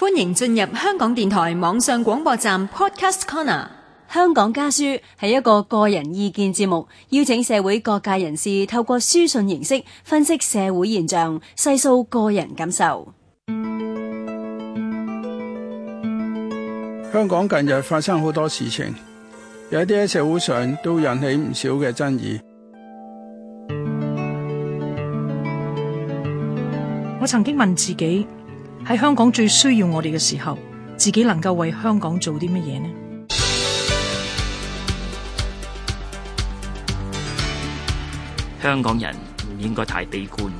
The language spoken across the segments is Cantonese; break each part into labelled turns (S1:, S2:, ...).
S1: 歡迎進入香港電台網上廣播站 Podcast Corner。《香港家書》係一個個人意見節目，邀請社會各界人士透過書信形式分析社會現象，細數個人感受。香港近日發生好多事情，有啲喺社會上都引起唔少嘅爭議。我曾經問自己，喺香港最需要我哋嘅時候，自己能夠為香港做啲乜嘢呢？香港人唔應該太悲觀。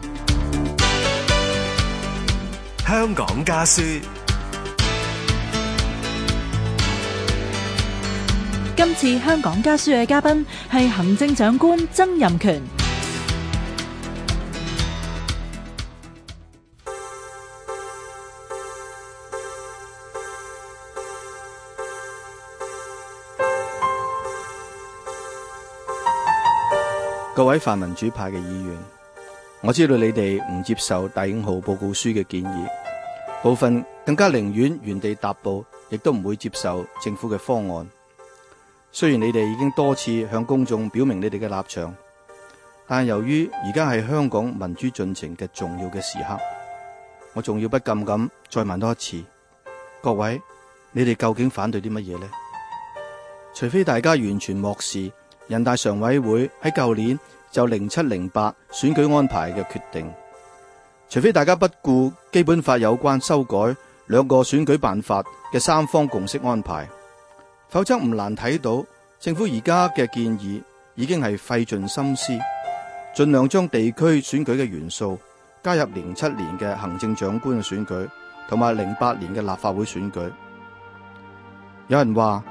S1: 香港家書，今次香港家書嘅嘉賓係行政長官曾蔭權。各位泛民主派嘅議員，我知道你哋唔接受《大五號報告書》嘅建議，部分更加寧願原地踏步，亦都唔會接受政府嘅方案。雖然你哋已經多次向公眾表明你哋嘅立場，但由於而家係香港民主進程嘅重要嘅時刻，我仲要不禁咁再問多一次：各位，你哋究竟反對啲乜嘢呢？除非大家完全漠視。人大常委會喺舊年就零七零八選舉安排嘅決定，除非大家不顧基本法有關修改兩個選舉辦法嘅三方共識安排，否則唔難睇到政府而家嘅建議已經係費盡心思，盡量將地區選舉嘅元素加入零七年嘅行政長官嘅選舉同埋零八年嘅立法會選舉。有人話，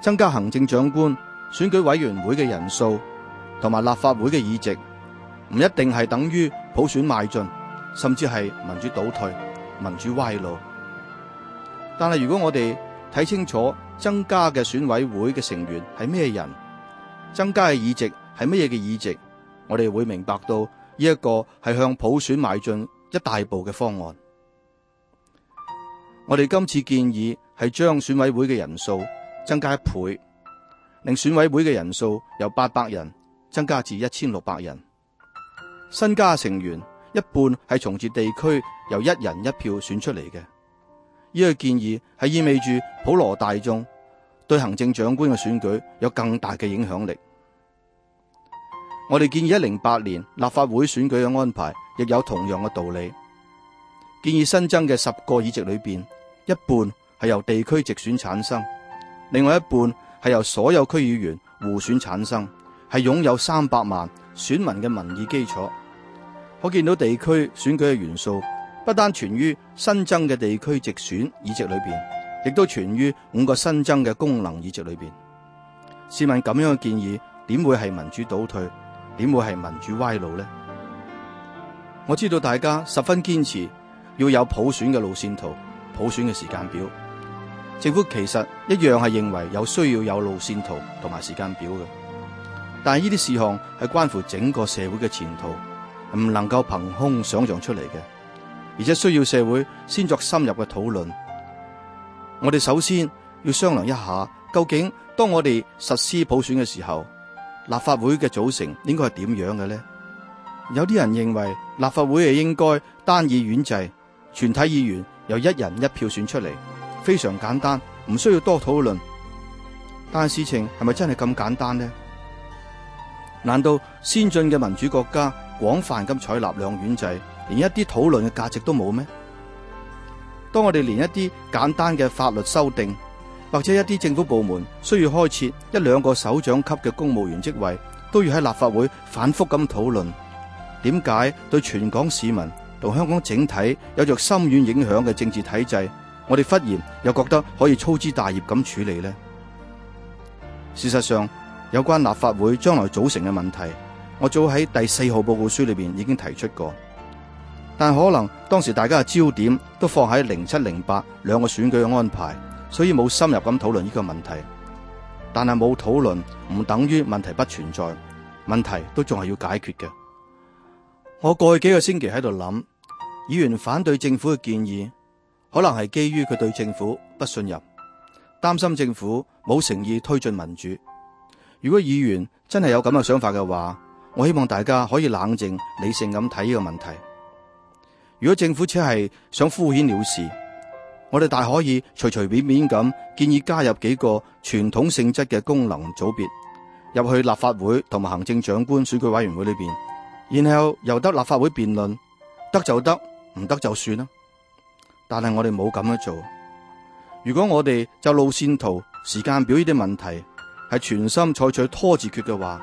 S1: 增加行政長官選舉委員會嘅人數同埋立法會嘅議席唔一定係等於普選邁進，甚至係民主倒退，民主歪路。但係如果我哋睇清楚增加嘅選委會嘅成員係咩人，增加嘅議席係乜嘢嘅議席，我哋會明白到呢一個係向普選邁進一大步嘅方案。我哋今次建議係將選委會嘅人數增加一倍。令選委會嘅人數由八百人增加至一千六百人，新加成員一半係從自地區由一人一票選出嚟嘅。呢個建議係意味住普羅大眾對行政長官嘅選舉有更大嘅影響力。我哋建議喺零八年立法會選舉嘅安排亦有同樣嘅道理，建議新增嘅十個議席裏邊，一半係由地區直選產生，另外一半。係由所有區議員互選產生，係擁有三百萬選民嘅民意基礎。可見到地區選舉嘅元素，不單存於新增嘅地區直選議席裏邊，亦都存於五個新增嘅功能議席裏邊。市民咁樣嘅建議，點會係民主倒退？點會係民主歪路呢？我知道大家十分堅持要有普選嘅路線圖、普選嘅時間表。政府其實一樣係認為有需要有路線圖同埋時間表嘅，但係呢啲事項係關乎整個社會嘅前途，唔能夠憑空想像出嚟嘅，而且需要社會先作深入嘅討論。我哋首先要商量一下，究竟當我哋實施普選嘅時候，立法會嘅組成應該係點樣嘅呢？有啲人認為立法會係應該單議院制，全體議員由一人一票選出嚟。非常簡單，唔需要多討論。但係事情係咪真係咁簡單呢？難道先進嘅民主國家廣泛咁採納兩院制，連一啲討論嘅價值都冇咩？當我哋連一啲簡單嘅法律修訂，或者一啲政府部門需要開設一兩個首長級嘅公務員職位，都要喺立法會反覆咁討論，點解對全港市民同香港整體有着深遠影響嘅政治體制？我哋忽然又覺得可以粗枝大葉咁處理呢？事實上，有關立法會將來組成嘅問題，我早喺第四號報告書裏邊已經提出過。但可能當時大家嘅焦點都放喺零七零八兩個選舉嘅安排，所以冇深入咁討論呢個問題。但係冇討論唔等於問題不存在，問題都仲係要解決嘅。我過去幾個星期喺度諗，議員反對政府嘅建議，可能係基於佢對政府不信任，擔心政府冇誠意推進民主。如果議員真係有咁嘅想法嘅話，我希望大家可以冷靜理性咁睇呢個問題。如果政府只係想敷衍了事，我哋大可以隨隨便便咁建議加入幾個傳統性質嘅功能組別入去立法會同埋行政長官選舉委員會裏邊，然後由得立法會辯論，得就得，唔得就算啦。但係我哋冇咁樣做。如果我哋就路線圖、時間表呢啲問題係全心採取拖字訣嘅話，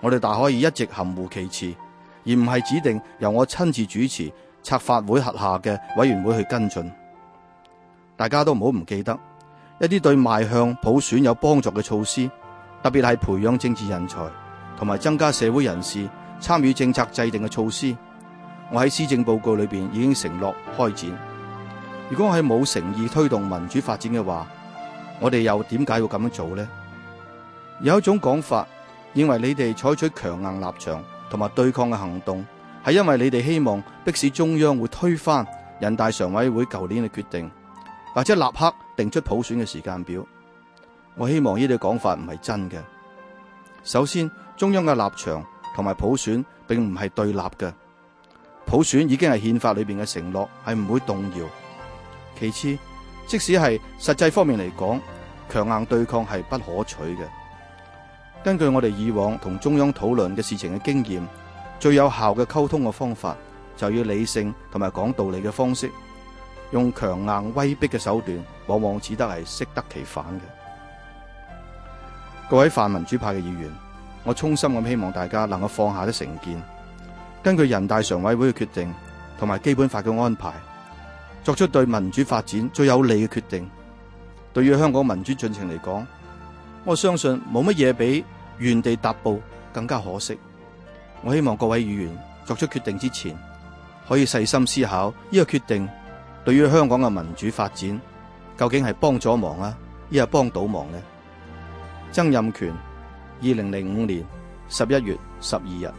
S1: 我哋大可以一直含糊其辭，而唔係指定由我親自主持策發會轄下嘅委員會去跟進。大家都唔好唔記得一啲對邁向普選有幫助嘅措施，特別係培養政治人才同埋增加社會人士參與政策制定嘅措施。我喺施政報告裏邊已經承諾開展。如果我係冇誠意推動民主發展嘅話，我哋又點解要咁樣做呢？有一種講法認為你哋採取強硬立場同埋對抗嘅行動，係因為你哋希望迫使中央會推翻人大常委會舊年嘅決定，或者立刻定出普選嘅時間表。我希望呢啲講法唔係真嘅。首先，中央嘅立場同埋普選並唔係對立嘅，普選已經係憲法裏邊嘅承諾，係唔會動搖。其次，即使係實際方面嚟講，強硬對抗係不可取嘅。根據我哋以往同中央討論嘅事情嘅經驗，最有效嘅溝通嘅方法，就要理性同埋講道理嘅方式。用強硬威逼嘅手段，往往只得係適得其反嘅。各位泛民主派嘅議員，我衷心咁希望大家能夠放下啲成見。根據人大常委會嘅決定同埋基本法嘅安排，作出對民主發展最有利嘅決定，對於香港民主進程嚟講，我相信冇乜嘢比原地踏步更加可惜。我希望各位議員作出決定之前，可以細心思考呢個決定對於香港嘅民主發展究竟係幫咗忙啊，抑係幫倒忙呢？曾蔭權，二零零五年十一月十二日。